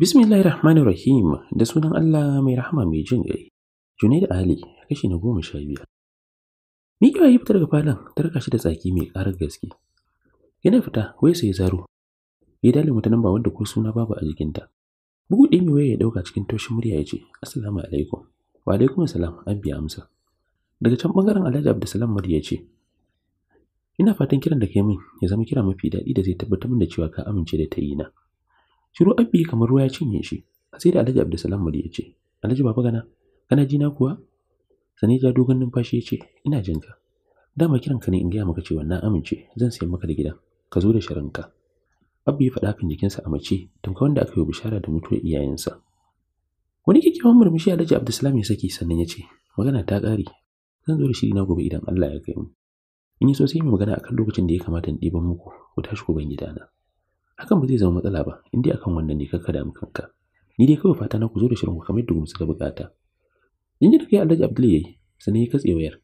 Bismillahir Rahmanir Rahim da sunan Allah mai rahama mai jin ƙai. Junaid Ali kashi na goma sha biyar. Miƙewa ya fita daga falon ta shi da tsaki mai ƙarar gaske. Yana fita wai sai zaro. Ya dalin wata namba wanda ko suna babu a jikinta. Bugu ɗaya mai waya ya ɗauka cikin toshin murya ya ce, Assalamu alaikum. Wa alaikum salam an biya amsa. Daga can ɓangaren Alhaji Abdulsalam Madi ya ce, ina fatan kiran da kai min ya zama kira mafi daɗi da zai tabbatar min da cewa ka amince da ta yi na shiru abbi kamar ruwa ya cinye shi sai da alhaji abdulsalam mali ya ce alhaji baba gana kana ji na kuwa sani ja dogon numfashi ya ce ina jin ka dama kiran ka ne in gaya maka cewa na amince zan sayi maka da gidan ka zo da sharanka abbi ya faɗa kan jikinsa a mace tamka wanda aka yi bishara da mutuwar iyayensa wani kyakkyawan murmushi alhaji abdulsalam ya saki sannan ya ce magana ta ƙare zan zo da shiri na gobe idan allah ya kai mu in yi so sai mu magana akan lokacin da ya kamata in ɗiban muku ku tashi ku ban na. hakan ba zai zama matsala ba in dai akan wannan ne kakka damu kanka ni dai kawai fata na ku zo da shirin ku kamar yadda gumsu bukata in ji da kai Alhaji Abdul yayi sanin ya katse wayar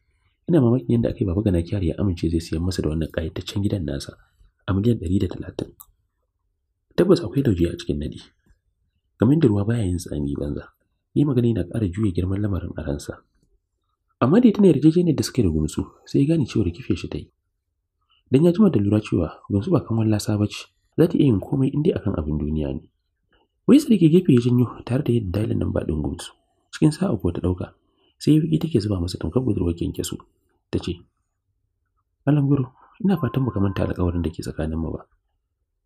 ina mamakin yadda ka yi baba gana kyari ya amince zai siyan masa da wannan ƙayataccen gidan nasa a miliyan ɗari da talatin tabbas akwai lauje a cikin nadi kamar da ruwa baya yin tsami banza yi magana yana ƙara juya girman lamarin a ransa amma da tana yarjejeniyar da suke da gumsu sai ya gane cewa kife shi ta yi dan ya jima da lura cewa gumsu ba kamar lasa ba ce za ta iya yin komai inda akan abin duniya ne wai sai ke gefe ya janyo tare da yadda dalilin nan ba din gumsu cikin sa'a ko ta ɗauka, sai ya take zuba masa tamkar budurwar kyanke su ta ce malam guru ina fatan baka manta alƙawarin da ke tsakanin mu ba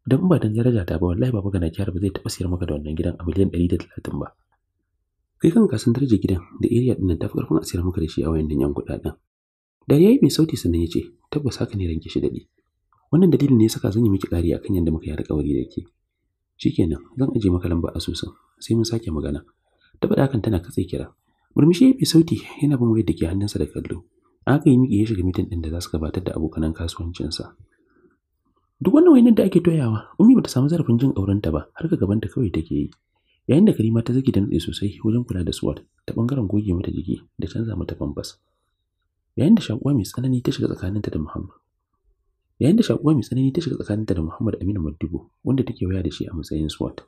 dan ba dan daraja ta ba wallahi baba gana kyara ba zai taɓa siyar maka da wannan gidan a miliyan 130 ba kai kanka san darje gidan da iriya din nan tafi ƙarfin a sayar maka da shi a wayannan yan dare dariya mai sauti sannan ya ce tabbas haka ne ranke shi daɗi wannan dalilin ne ya saka zan yi miki kariya kan yadda muka yi alƙawari da ke shikenan zan aje maka lamba asusun sai mun sake magana ta kan hakan tana katse kira murmushi ya mai sauti yana bin wayar da ke hannunsa da kallo aka yi miƙe ya shiga mitin ɗin da za su gabatar da abokanan kasuwancinsa duk wannan wayannan da ake toyawa ummi bata samu zarafin jin aurenta ba har ga ta kawai take yi yayin da karima ta zaki da nutse sosai wajen kula da swat ta bangaren goge mata jiki da canza mata famfas yayin da shakuwa mai tsanani ta shiga tsakaninta da muhammad yayin da shakuwa mai tsanani ta shiga tsakaninta da muhammad aminu maddubo wanda take waya da shi a matsayin swat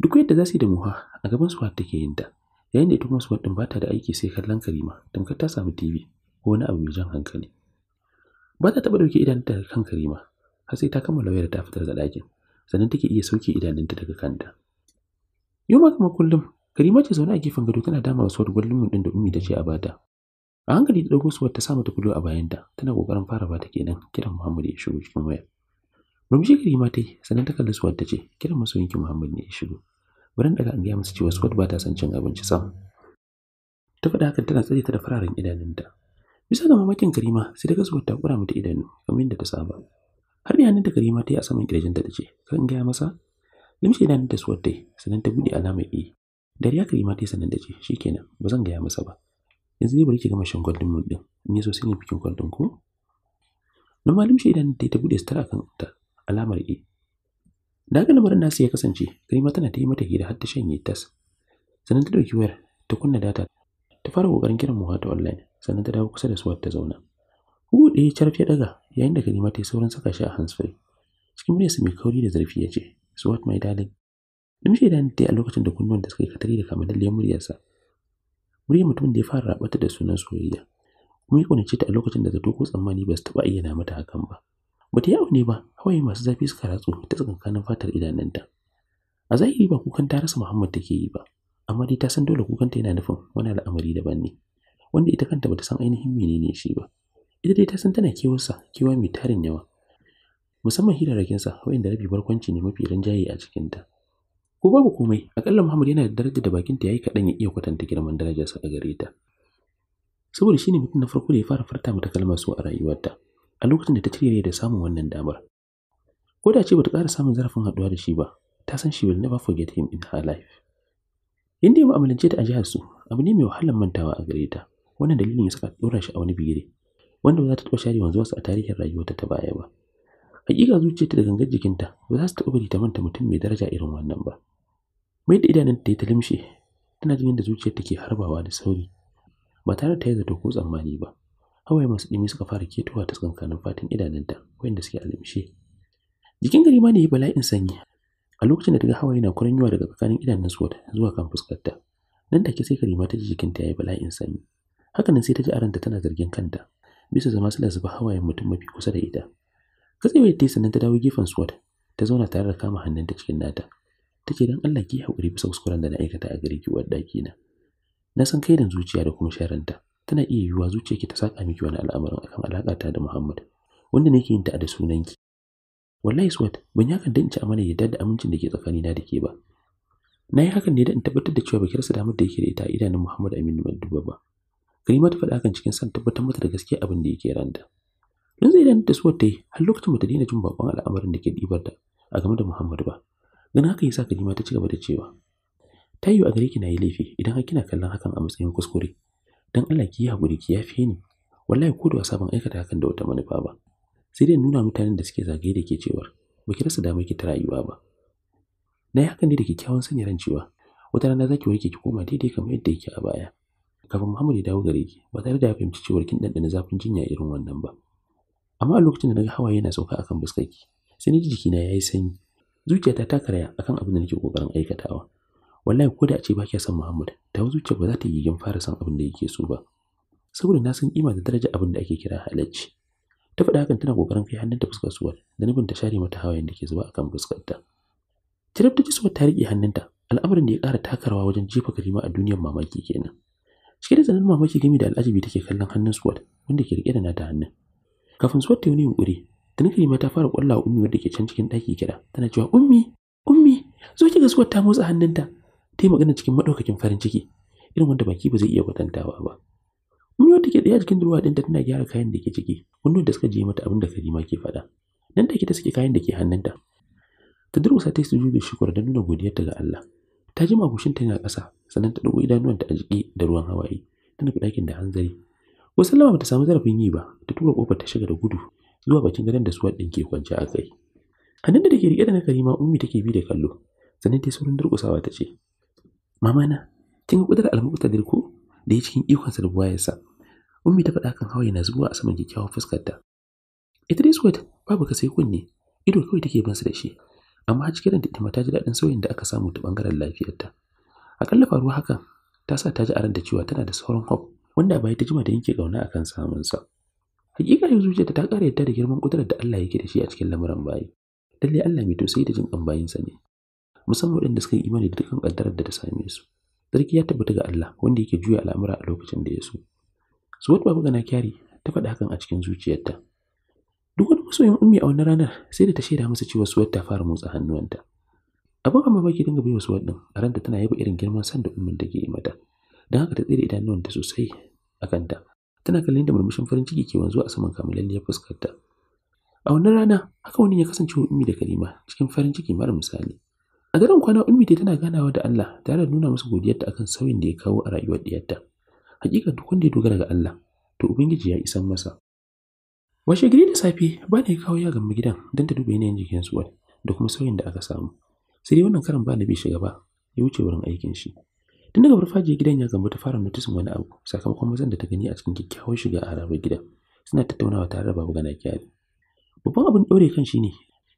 duk yadda za su yi da muha a gaban swat take yin ta yayin da ita kuma swat din ba ta da aiki sai kallon karima tamkar ta samu tv ko wani abu mai jan hankali ba ta taɓa ɗauke idanunta daga kan karima har sai ta kammala wayar ta fitar da ɗakin sannan take iya sauke idanunta daga kanta Yau ma kullum, Karima ce zaune a gefen gado tana dama wa suwar gwalin ɗin da Ummi ta ce a bata. A hankali ta ɗauko suwar ta sa mata kulo a bayanta, tana ƙoƙarin fara bata kenan kiran Muhammad ya shigo cikin wayar. Murmushi Karima ta yi, sannan ta kalli suwar ta ce, kiran masoyinki Muhammad ne ya shigo. Bari daga an gaya masa cewa suwar ba ta son cin abinci sam. Ta faɗa hakan tana tsare ta da fararen idanunta. Bisa ga mamakin Karima, sai daga suwar ta ƙura mata idanu kamar yadda ta saba. Har da hannun da Karima ta yi a saman kirjinta ta ce, kan gaya masa? limshe idanun ta suwar ta yi sannan ta buɗe alamar e dariya kalima ta yi sannan ce shikenan ba zan gaya masa ba yanzu ne bari ki gama shan golden moon din in ya so ne bikin golden ko na ma dan da ta yi ta buɗe sutura kan ta alamar e da haka lamarin nasu ya kasance kalima tana ta yi mata hira har ta shanye tas sannan ta ɗauki ta kunna data ta fara kokarin kiran muha ta online sannan ta dawo kusa da suwar ta zauna Hugu ɗaya carfe ɗaga yayin da kalima ta yi saurin saka shi a hansfari. Cikin muryarsa mai kauri da zarfi ya ce, What my darling. Dumshe da ta a lokacin da kunnuwan da suka yi katari da kamalalliyar muryarsa. Murya mutumin da ya fara rabata da sunan soyayya. Kuma ya kwanace ta a lokacin da zato ko tsammani ba su taɓa ayyana mata hakan ba. Ba ta yi aune ba, hawaye masu zafi suka ratso ta tsakankanin fatar idanunta. A zahiri ba kukan ta rasa Muhammad take yi ba, amma dai ta san dole ta yana nufin wani al'amari daban ne. Wanda ita kanta bata san ainihin menene shi ba. Ita dai ta san tana kewarsa, kewa mai tarin yawa, musamman sa waɗanda rabi barkwanci ne mafi rinjaye a cikinta. Ko babu komai, a akalla Muhammad yana da darajar da bakinta ya yi kaɗan ya iya kwatanta girman darajarsa a gare ta. Saboda shi ne mutum na farko da ya fara furta mata kalmar su a rayuwarta, a lokacin da ta cire da samun wannan damar. Ko da ce bata ƙara samun zarafin haɗuwa da shi ba, ta san shi will never forget him in her life. Inda ya mu'amalance ta a jihar su, abu ne mai wahalar mantawa a gare ta, wannan dalilin ya saka ɗora shi a wani bigire, wanda ba za ta taɓa share wanzuwarsa a tarihin rayuwarta ta baya ba. Hakika zuciyarta da gangar jikinta ba za su taɓa bari ta manta mutum mai daraja irin wannan ba. Mai da idanun ta idanunta ta limshe, tana jin yadda zuciyarta ke harbawa da sauri, ba tare da ta yi zato ko tsammani ba. Hawaye masu ɗumi suka fara ketowa ta tsakankanin fatin idanunta, wayanda suke limshe Jikin gari ma ne ya bala'in sanyi. A lokacin da ta ga hawaye na yiwa daga tsakanin idanun suwa zuwa kan fuskarta, nan take sai Karima ta ji jikinta ya yi bala'in sanyi. Hakanan sai ta ji aranta tana zargin kanta, bisa zama sila zuba hawayen mutum mafi kusa da ita. katsewar ta sannan ta dawo gefen swat ta zauna tare da kama hannunta cikin nata ta ce don allah ki haƙuri bisa kuskuren da na aikata a gare ki wa ɗaki na na san kai da zuciya da kuma sharanta tana iya yiwuwa zuciyarki ta saka miki wani al'amarin akan ta da muhammad wanda ke yin ta da ki. wallahi swat ban ya kan danci amana yadda da amincin da ke tsakani na da ke ba na yi hakan ne da in tabbatar da cewa baki rasa damar da yake da ita a idanun Muhammad Aminu Maduba ba. Karima ta faɗa hakan cikin son tabbatar mata da gaskiya abin da yake ranta. Yanzu idan da suwar ta yi har lokacin bata daina jin bakon al'amarin da ke ɗibar ta a game da Muhammadu ba. Ganin haka yasa kalima ta ci gaba da cewa ta yi a gare ki na yi laifi idan har kina kallon hakan a matsayin kuskure. Don Allah ki yi haƙuri ki yafe ni. Wallahi ko da wasa ban aikata hakan da wata manufa ba. Sai dai nuna mutanen da suke zagaye da ke cewa ba ki rasa damar ki ta rayuwa ba. Na yi hakan ne da kyakkyawan sanya ran cewa wata rana za ki warke ki koma daidai kamar yadda yake a baya. Kafin Muhammadu ya dawo gare ki ba tare da ya fahimci cewar kin ɗanɗana zafin jinya irin wannan ba. amma a lokacin da na ga hawaye yana sauka akan buskaki sai na ji jikina ya yi sanyi zuciyata ta karaya akan abin da nake kokarin aikatawa wallahi ko da a ce ba kya son Muhammad ta zuciya ba za ta yi gin fara san abin da yake so ba saboda na san kima da daraja abin da ake kira halacci ta faɗa hakan tana kokarin kai hannunta fuskar suwar da nufin ta share mata hawayen da ke zuba akan fuskarta Tirif ta ji suwar ta riƙe hannunta al'amarin da ya ƙara takarwa wajen jefa karima a duniyar mamaki kenan cike da zanen mamaki gami da al'ajabi take kallon hannun suwar wanda ke riƙe da nata hannun kafin su wata yi ta nufi ma ta fara ƙwallawa ummi wadda ke can cikin ɗaki kira, tana cewa ummi ummi zo ki ga suwar ta motsa hannunta ta yi magana cikin maɗaukakin farin ciki irin wanda baki ba zai iya kwatantawa ba ummi wadda ke ɗaya jikin durowa ɗinta tana gyara kayan da ke ciki wanda da suka je mata abin da karima ke faɗa nan take ta saki kayan da ke hannunta ta durƙusa ta yi sujudu shukur da nuna godiyarta ga Allah ta jima ta yana ƙasa sannan ta ɗago idanuwanta a jiki da ruwan hawaye tana fi ɗakin da hanzari ko sallama bata samu zarafin yi ba ta tura kofar ta shiga da gudu zuwa bakin gadon da suwar ɗin ke kwance a kai hannun da take riƙe da na karima ummi take bi da kallo sannan ta saurin durƙusawa ta ce mama na kin ga ƙudurar almuqtadir ko da ya cikin ikon da buwayarsa ummi ta faɗa kan hawa yana zuwa a saman kyakkyawar fuskarta ita dai suwat babu ka sai kunne ido kawai take bin su da shi amma cikin da ita ta ji daɗin sauyin da aka samu ta ɓangaren lafiyarta akalla faruwa haka ta sa ta ji a da cewa tana da sauran hope wanda bai ta jima da yanke kauna akan samunsa. Hakika yanzu zuciyarta ta kare ta da girman ƙudurar da Allah yake da shi a cikin lamuran bayi. Lalle Allah mai tausayi da jin bayin bayinsa ne. Musamman waɗanda suka yi imani da dukkan ƙaddarar da ta same su. Sarki ya tabbata ga Allah wanda yake juya al'amura a lokacin da ya so. wata Babu Gana Kyari ta faɗi hakan a cikin zuciyarta. Duk wani masoyin ummi a wannan ranar sai da ta shaida masa cewa su ta fara motsa hannuwanta. abin amma baki dinga bai wasu waɗin a ranta tana yaba irin girman san da ummin ke yi mata don haka ta tsira idanuwanta sosai a kanta tana kallon da murmushin farin ciki ke wanzuwa a saman fuskar fuskarta a wannan rana haka wani ya kasance wa ummi da karima cikin farin ciki mara misali a daren kwana ummi dai tana ganawa da Allah tare da nuna masa godiyarta akan sauyin da ya kawo a rayuwar diyarta hakika duk wanda ya dogara ga Allah to ubangiji ya isan masa washe gari da safe ba ya kawo ya gamba gidan don ta duba yanayin jikin suwar da kuma sauyin da aka samu sai dai wannan karan ba na bai shiga ba ya wuce wurin aikin shi tun daga je gidan ya gambo ta fara notice wani abu sakamakon mazan da ta gani a cikin kyakkyawan shiga a rabar gidan suna tattaunawa tare da babu gana kyari babban abin ɗaure kan shi ne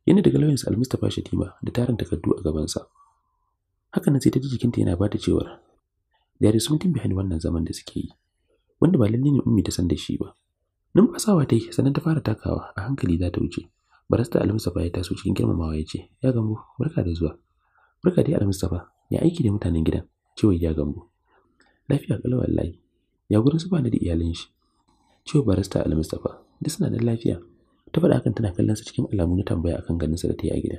yana daga lauyansa almustapha shatima da tarin takardu a gabansa haka nan sai ta ji jikinta yana bata cewar there is something behind wannan zaman da suke yi wanda ba lalle ne ummi ta san da shi ba numfasawa ta yi sannan ta fara takawa a hankali za ta wuce barasta almustapha ya taso cikin girmamawa ya ce ya gamu barka da zuwa barka dai almustapha ya aiki da mutanen gidan ciwon ya gambo lafiya kalau wallahi ya gurin su ba da iyalan shi ciwon barista al Mustapha, duk suna da lafiya ta faɗa hakan tana kallon sa cikin alamu na tambaya akan ganin sa da ta yi a gida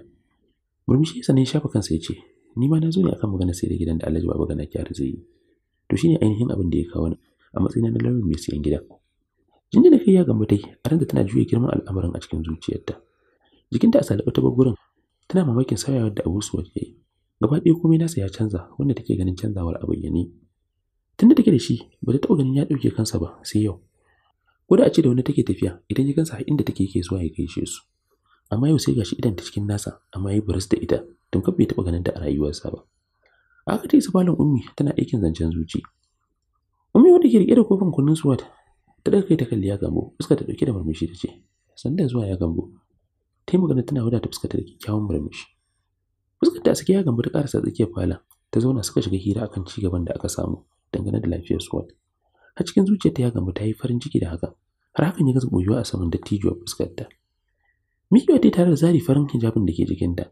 murmushi sanin shafa kansa ya ce ni ma na zo ne akan maganar sai da gidan da Alhaji Baba Gana zai yi to shine ainihin abin da ya kawo ni a matsayin na lauyin mai siyan gida jinjina kai ya gamu dai a ranta tana juya girman al'amarin a cikin zuciyarta jikinta a salaɓa ta gurin tana mamakin sauyawar da abu su ya yi gaba ɗaya komai nasa ya canza wanda take ganin canzawar a bayyane tunda take da shi ba ta taɓa ganin ya ɗauke kansa ba sai yau ko da a ce da wani take tafiya idan ya gansa inda take yake zuwa ya gaishe su amma yau sai gashi idan ta cikin nasa amma ya buras da ita kafa bai taɓa ganin ta a rayuwarsa ba aka ta isa falon ummi tana aikin zancen zuci ummi wanda ke riƙe da kofin kunnin suwat ta ɗaga kai ta kalli ya gambo fuska ta ɗauke da murmushi ta ce sanda zuwa ya gambo ta yi magana tana wadata fuska ta da kyakkyawan murmushi fuskar ta suke ya gambu ta karasa tsakiyar falon ta zauna suka shiga hira akan ci gaban da aka samu dangane da lafiyar Swat. Har cikin zuciyarta ya gamba ta yi farin ciki da haka Har hakan ya gaza boyuwa a saman dattijuwar fuskarta. Mikiwa ta tare da zari farin hijabin da ke jikinta.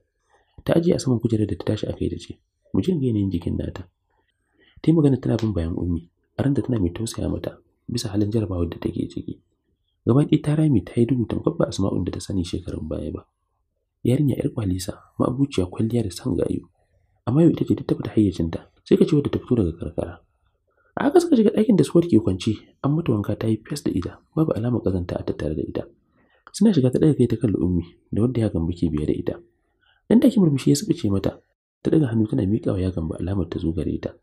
Ta ajiye a saman kujerar da ta tashi a kai da ce, mu jin yanayin jikin nata. Ta yi magana tana bin bayan ummi, a da tana mai tausaya mata bisa halin jarabawar da take ciki. Gaba ɗaya ta rami ta yi duhu tamkar ba asma'un da ta sani shekarun baya ba. yarinya yar kwalisa ma'abuciya kwalliya da san gayu amma yau ita ce ta da hayyacinta sai ka ce wadda ta fito daga karkara a haka suka shiga ɗakin da suwar ke kwanci an mata wanka ta yi fes da ita babu alamar kazanta a tattare da ita suna shiga ta ɗaga kai ta kan ummi da wanda ya gamba ke biye da ita dan take murmushi ya ce mata ta ɗaga hannu tana miƙa wa ya gamba alamar ta zo gare ta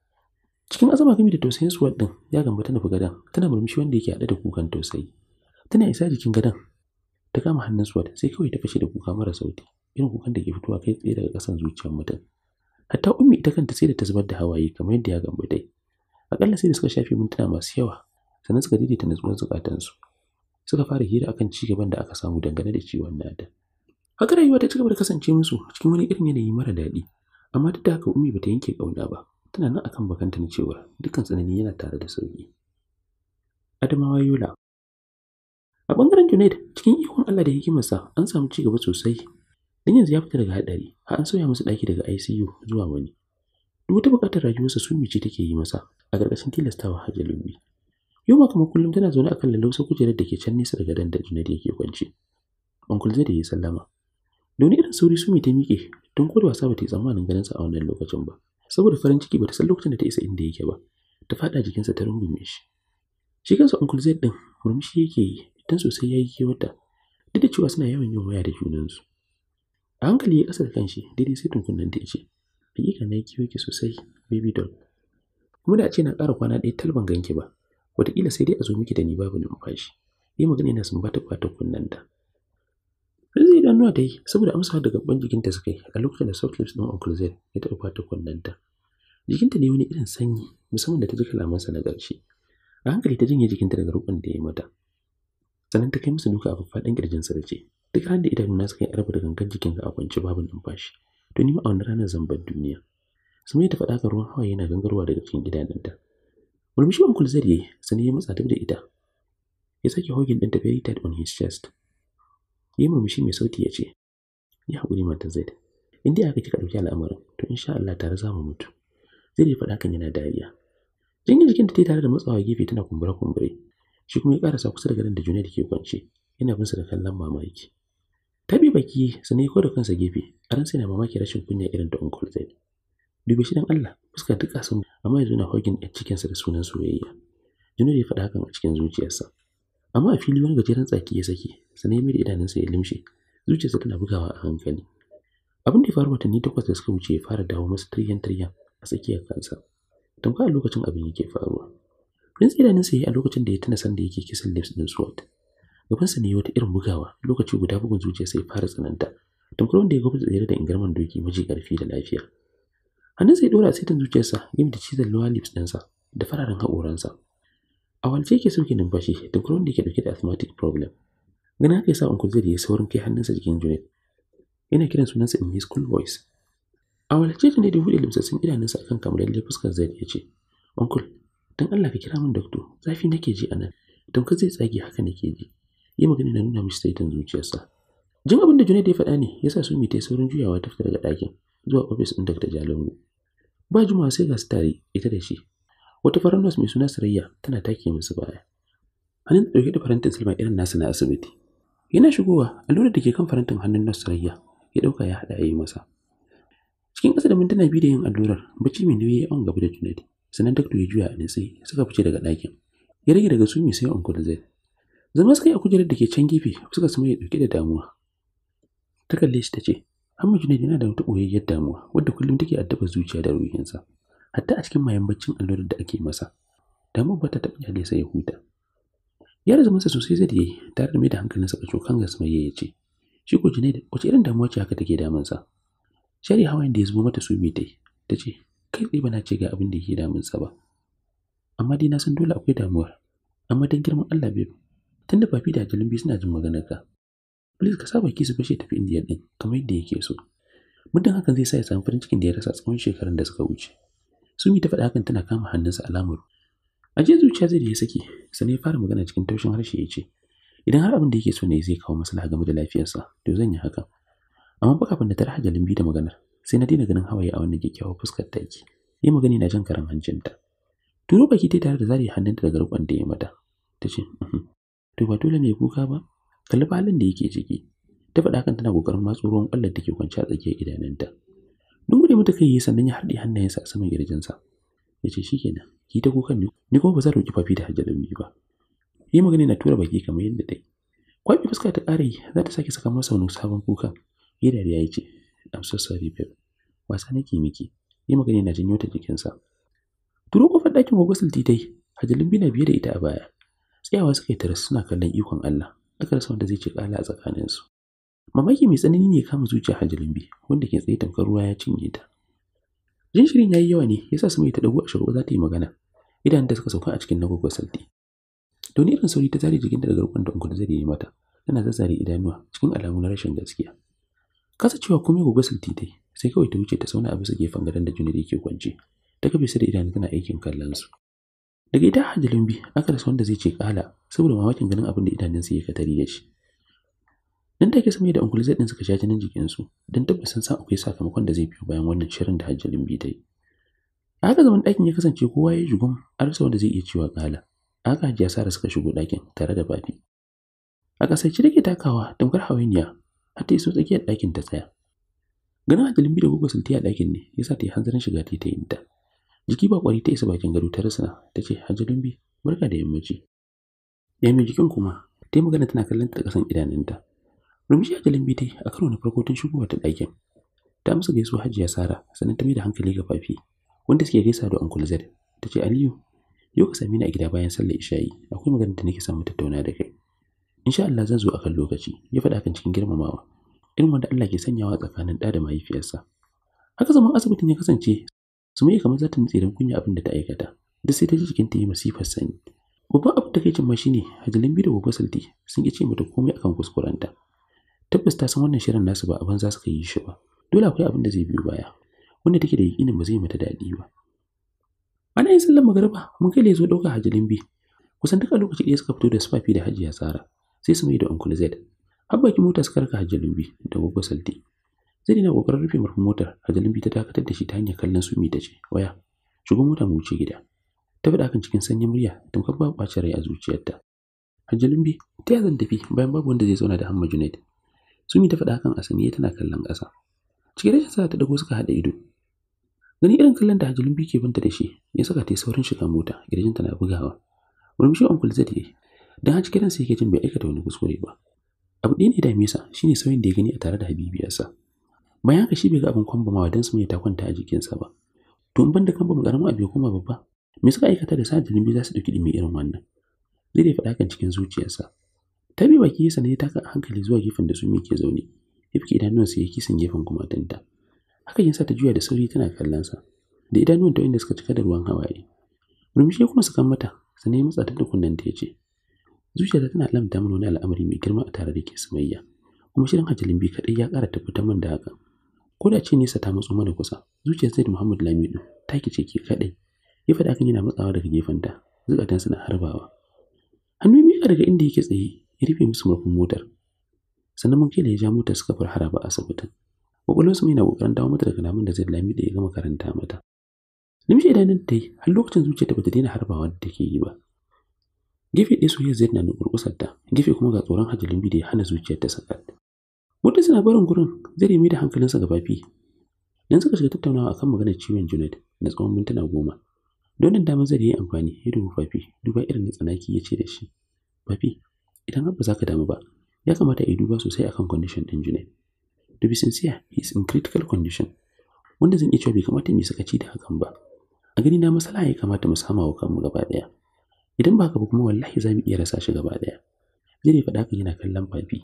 cikin azama gami da tausayin suwar ɗin ya gamba ta fi gadon tana murmushi wanda yake haɗe da kukan tausayi tana isa jikin gadon ta kama hannun Swat sai kawai ta fashe da kuka mara sauti irin kukan da ke fitowa kai tsaye daga ƙasan zuciyar mutum hatta ummi ita kanta sai da ta zubar da hawaye kamar yadda ya gambo dai akalla sai da suka shafe mintuna masu yawa sannan suka daidaita natsuwar zukatansu suka fara hira akan ci gaban da aka samu dangane da ciwon nata haka rayuwa ta cigaba da kasance musu cikin wani irin yanayi mara daɗi amma duk da haka ummi bata yanke ƙauna ba tana nan akan bakanta na cewa dukkan tsanani yana tare da sauki adamawa yola A ɓangaren Junaid, cikin ikon Allah da hikimarsa an samu ci gaba sosai. Dan yanzu ya fita daga haɗari, har an sauya masa ɗaki daga ICU zuwa wani. Duk wata buƙatar rayuwarsa su ce take yi masa a ƙarƙashin tilastawa Hajji Lumbi. Yoma kuma kullum tana zaune akan lallausa kujerar da ke can nesa daga dan da Junaid yake kwance. zai ya ya sallama. doni irin sauri Sumi ta miƙe don ko da wasa bata yi tsammanin ganinsa a wannan lokacin ba. Saboda farin ciki bata san lokacin da ta isa inda yake ba. Ta faɗa jikinsa ta rungume shi. Shi kansa Uncle zai ɗin murmushi yake yi don sosai ya yi kewata. duk da cewa suna yawan yin waya da junansu a hankali ya kasa da kanshi daidai sai tunkunan da ya ce hakika na yi kewarki sosai baby doll kuma da a ce na ƙara kwana ɗaya talban ganki ba wataƙila sai dai a zo miki da ni babu numfashi yi magana yana sumbatar fatar kunnanta Rizzi idanuwa ta yi saboda amsawa da gaban jikinta suka yi a lokacin da soft lips ɗin Uncle Zed ya taɓa fata kunnanta. Jikinta ne wani irin sanyi musamman da ta ji kalamansa na ƙarshe. A hankali ta janye jikinta daga rukun da ya yi mata. sannan ta kai masa duka a faffaɗan ƙirjinsa da ce duk ran da idanu na suka yi arba da gangan jikinka a kwance babu numfashi to ni ma a wani ranar zan bar duniya sumai ta faɗa ka ruwan hawaye yana gangarwa daga cikin idanunta murmushi uncle zai yi sani ya matsa duk da ita ya sake hogin ɗinta very tight on his chest ya murmushi mai sauti ya ce ya haƙuri matan zai in dai aka kika ɗauki al'amarin to insha Allah tare za mu mutu zai faɗa kan yana dariya jinin jikinta ta tare da matsawa gefe tana kumbura kumbure shi kuma ya karasa kusa da garin da Junaid ke kwance yana bin sa da kallon mamaki tabi baki sani ko da kansa gefe aran sai na mamaki rashin kunya irin da Uncle Zaid dubi shi dan Allah fuska duka sun amma yanzu na hogin cikin cikinsa da sunan soyayya Junaid ya faɗa hakan a cikin zuciyarsa amma a fili wani gajeren tsaki ya saki, sani ya mai da idanunsa ya limshe zuciyarsa tana bugawa a hankali abin da ya faru watanni takwas da suka wuce ya fara dawo masa tiryan tiryan a tsakiyar kansa tamka a lokacin abin yake faruwa Prince idanunsa ya yi a lokacin da ya tuna sanda yake kisan lips ɗin Sword. Gabansa ne wata irin bugawa lokaci guda bugun zuciya sai fara tsananta. Tunkuru wanda ya gwamnati tsere da ingarman doki maji ƙarfi da lafiya. sai dora sai tun zuciyarsa yin da cizon lower lips sa da fararen haƙoransa. A walce yake sauke numfashi tamkar da yake dauke da asthmatic problem. Gana haka ya sa Uncle Zed ya saurin kai hannunsa jikin Junet. Yana kiran sunansa in his cool voice. A walce ne da buɗe limsassun idanunsa akan lalle fuskar Zed ya ce, Uncle, don Allah ka kira min doctor zafi nake ji anan don ka zai tsage haka nake ji yi magana na nuna mishi saitin zuciyarsa jin abin da Junaid ya faɗa ne ya sa mi ta saurin juyawa ta fita daga ɗakin zuwa ofis ɗin Dr. Jalango ba juma'a sai ga su tare ita da shi wata farar nurse mai suna Sarayya tana take musu baya hannun ɗauke da farantin silma irin nasu na asibiti yana shigowa allurar da ke kan farantin hannun nurse Sarayya ya ɗauka ya haɗa ya yi masa cikin ƙasa da mintuna biyu da yin allurar bacci mai nauyi ya an gaba da Junaid sannan dakto ya juya a nitse suka fice daga ɗakin ya rage daga sumi sai uncle zai zama suka yi a kujerar da ke can gefe suka suma ya ɗauke da damuwa ta kalle shi ta ce Hamma Junaid yana da wata ɓoyayyar damuwa wadda kullum take addaba zuciya da ruhinsa, hatta a cikin mayan baccin allurar da ake masa. Damuwa ba ta taɓa yale sai ya huta. Ya rasa masa sosai zai da yi tare da mai da hankalinsa ɓaco kan gasmayya ya ce, Shi ko Junaid wace irin damuwa ce haka take damunsa? Shari hawa da ya zama mata su mai ta ce, kai tsaye ba na ce ga abin da yake sa ba amma dai na san dole akwai damuwar amma dan girman Allah bai da fafi da jalin biyu suna jin maganar ka please ka saba ki su bashe tafi indiya din kamar yadda yake so muddin hakan zai sa ya samu farin cikin da ya rasa tsawon shekarun da suka wuce sumi ta faɗa hakan tana kama hannunsa alamar a je zuciya zai da ya saki, sani ya fara magana cikin taushin harshe ya ce idan har abin da yake so ne zai kawo maslaha game da lafiyarsa to zan yi haka amma ba kafin da ta raha da maganar sai na dina ganin hawaye a wannan kyakkyawar fuskar ta yake yi magani na jan karan hancinta turo baki ta tare da zari hannunta daga rukun da ya mata ta ce uhm, to ba dole ne kuka ba kalli halin da yake ciki ta faɗa kan tana kokarin matso ruwan ƙwallon da kwance a tsakiyar idanunta duk da mata yi sannan ya haɗe hannayensa a saman girjinsa ya ce shikenan ki ta kukan ni ni kuma ba zan roki fafi da hajjalami ba yi magani na tura baki kamar yadda ta yi kwaɓe fuska ta ƙare za ta sake saka masa wani sabon kuka ya ya ce I'm so sorry babe. Wasa nake miki. Yi magana yana janyo ta jikinsa. Turo kofar ɗakin Gogosel ta yi. Hajalin bina biye da ita a baya. Tsayawa suka yi taras suna kallon ikon Allah. Aka rasa wanda zai ce ƙala a tsakaninsu. Mamaki mai tsanani ne kama zuciya Hajalin bi wanda ke tsaye tamkar ruwa ya cinye ta. Jin shirin ya yi yawa ne ya sa su mai ta dago a shagwa za ta yi magana. Idan da suka sauka a cikin na Gogosel ta Doni irin sauri ta zare jikinta da garkon da ungudu zai yi mata. Tana zazzare idanuwa cikin alamun rashin gaskiya. Kasa cewa komai gobe sulti tite sai kawai ta wuce ta sauna a bisa gefen gadon da da yake kwance, ta kafe da idanu tana aikin kallon su. Daga ita Hajji Lumbi aka rasa wanda zai ce kala saboda mamakin ganin abin da su ya katari da shi. Nan take sami da Uncle Zaid din suka sha jinin jikinsu don tabbas san akwai sakamakon da zai biyo bayan wannan shirin da Hajji Lumbi ta yi. A haka zaman dakin ya kasance kowa ya yi jugum a rasa wanda zai iya cewa kala. A haka ya Sara suka shigo dakin tare da bafi. A ƙasashe da ke takawa tamkar hawainiya har ta iso tsakiyar ɗakin ta tsaya ganin dalibi da gogo sulti a ɗakin ne ya sa ta yi hanzarin shiga ta yi ta jiki ba ƙwari ta isa bakin gado ta rasa ta ce ajalimi barka da yammaci ya mai jikin kuma ta yi magana tana kallon ta da ƙasan idanunta rumishi dalibi ta yi. a karo na farko tun shigowa ta ɗakin ta masa gaisuwa hajiya sara sannan ta mai da hankali ga fafi wanda suke gaisa da uncle zed ta ce aliyu yau ka same ni a gida bayan sallar isha'i akwai magana da nake son mu tattauna da kai insha Allah zan zo akan lokaci ya faɗa kan cikin girmamawa irin wanda Allah ke sanyawa tsakanin ɗa da mahaifiyarsa. Haka zaman asibitin ya kasance, su mai kamar za ta nutse don kunya abin da ta aikata, da sai ta ji cikin ta yi masifar sanyi. Babban abin da kai cin mashi ne, biyu da gobe Salti sun ƙi ce mata komai akan kuskurenta. Tabbas ta san wannan shirin nasu ba a su suka yi shi ba. Dole akwai abin da zai biyo baya, wanda take da yakinin ba zai mata daɗi ba. Ana yin sallar magariba, mun kai lezo ɗaukar hajjalin biyu. Kusan duk a lokaci ɗaya suka fito da Sufafi da Hajiya Sara, sai su mai da Uncle har bakin mota suka raka da gogo salti zai na kokarin rufe murfin motar hajji lumbi ta dakatar da shi ta hanyar kallon su mi ta ce waya Shugo mota mu wuce gida ta fada kan cikin sanyin murya tamkar ba ɓacin rai a zuciyarta hajji ta yi zan tafi bayan babu wanda zai zauna da hamma junaid sumi ta fada kan asaniye tana kallon ƙasa cikin rashin sa ta dago suka haɗa ido gani irin kallon da hajji ke banta da shi ya saka ta saurin shiga mota girjinta na bugawa murmushi uncle zai yi Dan har kiran sai yake jin bai aikata wani kuskure ba abu ɗaya ne dame sa shine sauyin da ya gani a tare da habibiyarsa bayan haka shi bai ga abin kwamba don su mai ta kwanta a jikinsa ba to in banda kan karamin abu babba me suka aikata da sa dalimi za su ɗauki ɗumi irin wannan zai dai faɗa kan cikin zuciyarsa ta bi baki ya sanaye taka a hankali zuwa gefen da su mai ke zaune ya fi idanuwansa ya kisan gefen kumatunta haka yin sa ta juya da sauri tana kallonsa da idanuwan ta wanda suka cika da ruwan hawaye murmushi kuma su kan mata sanaye matsa ta da kunnen ta ya ce zuciyarta tana lamta mana wani al'amari mai girma a tare da ke sumayya kuma shirin hajjalin bi kaɗai ya ƙara tabbatar min da haka ko da ce nesa ta matso mana kusa zuciyar zaid muhammad lamidu ta ki ce ke kaɗai ya faɗa kan yana matsawa daga gefenta zukatan suna harbawa hannu mai daga inda yake tsaye ya rufe musu murfin motar sannan mun kila ya ja motar suka far haraba asibitin kwakwalwarsu mai na ƙoƙarin dawo mata daga namun da zai lamidu ya gama karanta mata limshe idanun ta yi har lokacin zuciyarta bata daina harbawa da take yi ba gefe ɗaya soyayya zai na nukurkusar ta gefe kuma ga tsoron bi da ya hana zuciyar ta sakat wata suna barin gurin zai remi da hankalinsa ga bafi dan suka shiga tattaunawa akan maganar ciwon Junet, na tsawon mintuna goma nan damar zai yi amfani ya dubu fafi duba irin na tsanaki ya ce da shi fafi idan har ba za ka damu ba ya kamata a yi duba sosai akan condition ɗin junaid to be sincere he is in critical condition wanda zan iya cewa bai kamata mai sakaci da hakan ba a gani na masala ya kamata mu samawa kanmu gaba ɗaya idan ba ka ba kuma wallahi za mu iya rasa shi gaba daya zai faɗa yana kallon fafi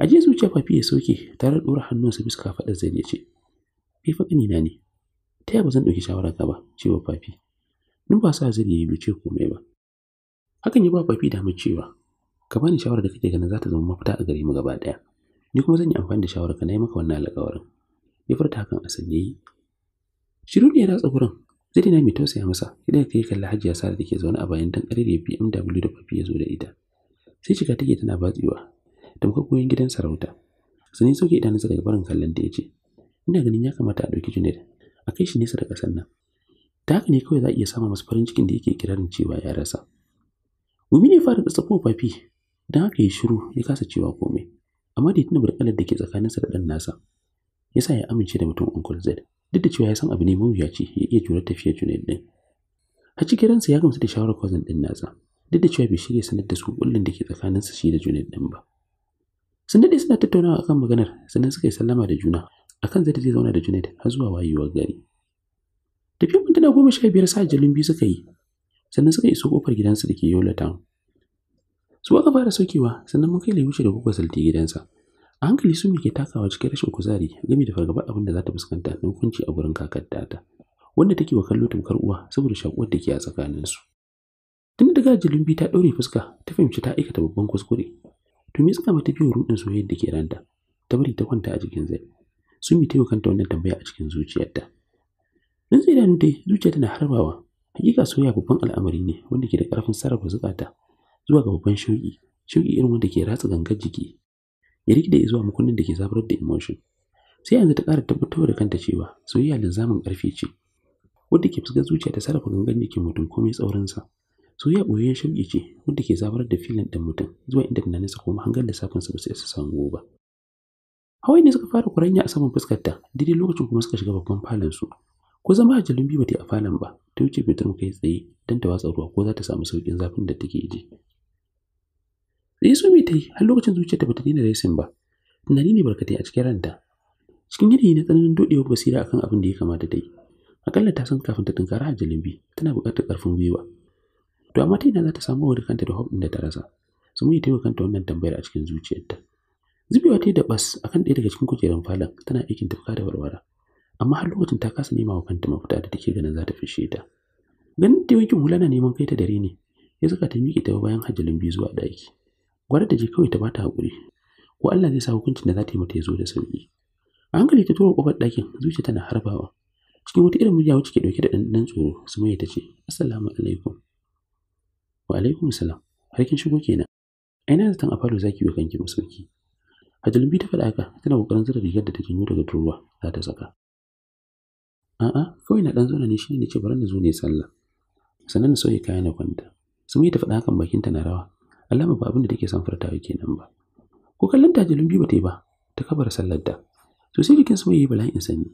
a je zuciya fafi ya soke tare da ɗora hannunsa bisa faɗa zai ce kai ni na ne ta yaba zan ɗauki shawara ka ba cewa fafi nun ba sa zai yi bai ce komai ba hakan ya ba fafi damar cewa ka bani shawarar da kake ganin za ta zama mafita a gare mu gaba ɗaya. ni kuma zan yi amfani da shawarar ka na yi maka wannan alƙawarin ya furta hakan a sanyayi shiru ne ya ratsa gurin zai na mai tausaya masa idan ta yi kalla hajiya sara da ke zaune a bayan dan ƙarfe bmw da fafi ya zo da ita sai shiga take tana batsewa da goyon gidan sarauta sani sauke idanunsa daga barin kallon da ya ce ina ganin ya kamata a ɗauki junaid a kai shi nesa da ƙasar nan ta haka ne kawai za a iya samun masu farin cikin da yake kirarin cewa ya rasa Gumi ne fara tsafo fafi don haka ya shiru ya kasa cewa komai, amma da ya tuna barkalar da ke tsakaninsa da ɗan nasa, ya sa ya amince da mutum Uncle Z. duk da cewa ya san abu ne mawuyaci ya iya jurar tafiya Junaid din. cikin ransa ya gamsu da shawarar cousin din nasa, duk da cewa bai shirya sanar da su kullun da ke tsakaninsa shi da Junaid din ba. Sun daɗe suna tattaunawa akan maganar sannan suka yi sallama da juna akan zai zai zauna da Junaid har zuwa wayewar gari. Tafiyar mintuna goma sha biyar sa jalin biyu suka yi sannan suka iso kofar gidansa da ke Yola Town. Su aka fara saukewa sannan mun kai Lewushi da Gwagwa Salti gidansa. A hankali su ke takawa cikin rashin kuzari game da fargaba abin da za ta fuskanta na hukunci a gurin kakar data, wanda take wa kallo ta tamkar uwa saboda shakuwar da ke a tsakaninsu. Tun daga jalumbi ta ɗaure fuska ta fahimci ta aikata babban kuskure. To me suka mata biyo rudin soyayyar da ke ranta? Ta bari ta kwanta a jikin zai. Sumi ta yi kanta wannan tambaya a cikin zuciyarta. Nan zai danu dai zuciya tana harbawa. Hakika soyayya babban al'amari ne wanda ke da ƙarfin sarrafa zukata zuwa ga babban shauƙi, shauƙi irin wanda ke ratsa gangar jiki ya rikide zuwa makunnin da ke zabar da emotion sai yanzu ta ƙara tabbatar da kanta cewa soyayya linzamin ƙarfi ce wanda ke fuskar zuciya ta sarrafa gangan ke mutum komai tsaurinsa soyayya ɓoyayyen shauƙi ce wanda ke zabar da filin ɗin mutum zuwa inda tunaninsa ko mahangar lissafinsa ba su isa samu ba hawaye ne suka fara kuranya a saman fuskarta daidai lokacin kuma suka shiga babban falon su ko zama a jalumbi ba ta a falon ba ta wuce fitar kai tsaye don ta watsa ruwa ko za ta samu sauƙin zafin da take ji Sai eh, so mai ta yi har lokacin zuciyarta bata daina racing ba. Tunani ne barkatai a cikin ranta. Cikin yanayi na tsananin dodewar basira akan abin da ya kamata ta yi. Akalla ta san kafin ta tunkara a jalibi tana buƙatar ƙarfin gwiwa. To amma ta ina za ta samu wani kanta da hope da ta rasa. Sun yi taimaka kanta wannan tambayar a cikin zuciyarta. Zubewa ta yi da bas akan ɗaya daga cikin kujerun falon tana aikin tafka da warwara. amma har lokacin ta kasa nema wa kanta mafita da take ganin za ta fishe ta. Ganin da wankin hula na neman kai ta dare ne, ya saka ta miƙe ta bayan hajjalin biyu zuwa ɗaki. gwada da je kawai ta bata haƙuri ko Allah zai sa hukuncin da za ta yi mata ya zo da sauƙi a hankali ta tura kofar ɗakin zuciya tana harbawa cikin wata irin murya wacce ke ɗauke da ɗanɗan tsoro sumaya ta ce assalamu alaikum wa alaikum salam harkin shigo kenan ina zaton a falo zaki wa kanki masauki jalibi ta faɗa haka tana kokarin zura rigar da ta janyo daga turuwa za ta saka a'a kawai na ɗan zauna ne shi ne ce bari na zo ne sallah sannan na sauya kayan na kwanta ta faɗa hakan bakinta na rawa alama ba abin da take son yake kenan ba ko kallon tajalin biyu ba yi ba ta kabar sallar da to sai jikin su yayi bala'in sani.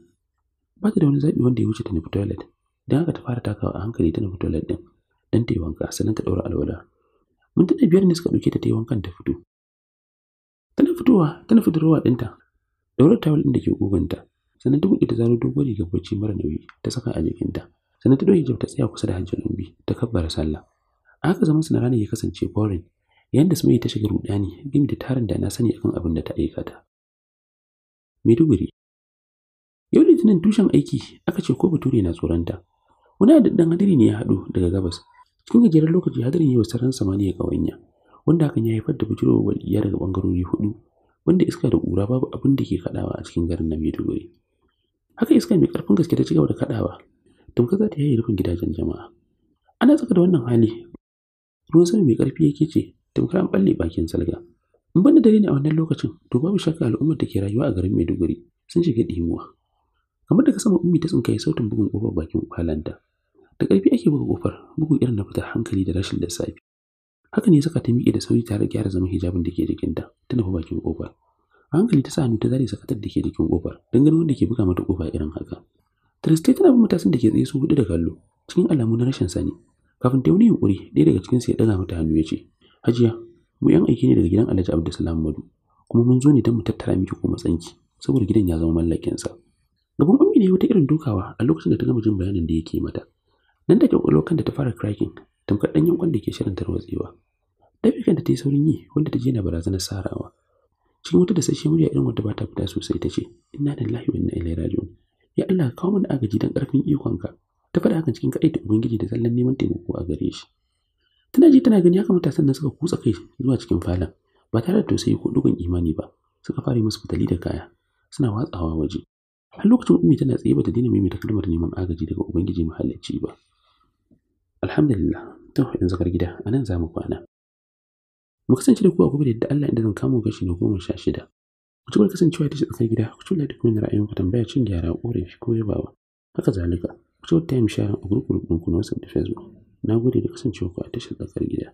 ba ta da wani zaɓi wanda ya wuce ta nufi toilet don haka ta fara takawa a hankali ta nufi toilet din dan ta yi wanka sannan ta ɗaura alwala mun biyar ne suka ɗauke ta ta yi wankan ta fito tana fitowa tana fitar ruwa ɗinta daurar tawul ɗin da ke ta. sannan ta buɗe ta zaro dogon riga bacci mara nauyi ta saka a jikinta sannan ta ɗauke ta tsaya kusa da hajjin lumbi ta kabbara sallah a haka zaman suna ranar ya kasance boring Yanda su mai ta shiga rudani gini da tarin da na sani akan abin da ta aikata. Maiduguri Yau Litinin tushen aiki aka ce ko Bature na tsoronta. Wani adaddan hadiri ne ya haɗu daga gabas. Cikin gajeren lokaci hadirin yi wa sararin samaniya ƙawanya, wanda hakan ya haifar da bujirowar iya daga ɓangarori hudu, wanda iska da ƙura babu abin da ke kaɗawa a cikin garin na Maiduguri. Haka iska mai ƙarfin gaske ta cigaba da kaɗawa, tamkar za ta yaye rufin gidajen jama'a. Ana tsaka da wannan hali, ruwan sama mai ƙarfi yake ce tamkar an balle bakin salga in banda dare ne a wannan lokacin to babu shakka al'ummar da ke rayuwa a garin Maiduguri sun shiga dimuwa kamar da sama ummi ta tsinkaye sautin bugun kofar bakin kwalanta da ƙarfi ake buga kofar bugu irin na fitar hankali da rashin lissafi haka ne saka ta miƙe da sauri tare da gyara zaman hijabin da ke jikinta ta nufa bakin kofar a hankali ta sa hannu ta zare sakatar da ke jikin kofar don ganin wanda ke buga mata kofa irin haka Triste tana bin matasan da ke tsaye su hudu da kallo cikin alamu na rashin sani kafin ta wani yunƙuri ɗaya daga cikinsu ya ɗaga mata hannu ya ce Hajiya, mu 'yan aiki ne daga gidan Alhaji Abdulsalam Madu, kuma mun zo ne don mu tattara miki ko matsanki, saboda gidan ya zama mallakinsa. Gaban Ummi ne wata irin dukawa a lokacin da ta gama jin bayanin da yake mata. Nan da lokacin da ta fara cracking, tamkar ɗanyen yankon da ke shirin tarwatsewa. Dafi da ta yi saurin yi wanda ta je barazanar sarawa. Cikin wata da sashe murya irin wanda ba ta fita sosai ta ce, ina da lahi wa inna ilaihi raji'un. Ya Allah, kawo mana agaji don ƙarfin ikonka. Ta faɗa hakan cikin kaɗai da Ubangiji da zallan neman taimako a gare shi. tana ji tana gani haka matasan sannan suka kutsa kai zuwa cikin falon ba tare da tausayi ko dugun imani ba suka fara musu fitali da kaya suna watsawa waje har lokacin ummi tana tsaye bata daina maimaita kalmar neman agaji daga ubangiji mahallaci ba alhamdulillah to in zakar gida a anan zamu kwana mu kasance da kowa gobe da yadda Allah inda zan kamo gashi na goma sha shida ku ci kasancewa ta tsakar gida ku ci duk wani ra'ayin ku tambaya cin gyara ƙorafi ko yabawa haka zalika ku ci wata a gurgurun ku na wasan da facebook Na gode da kasancewa ku a tashar tsakar gida.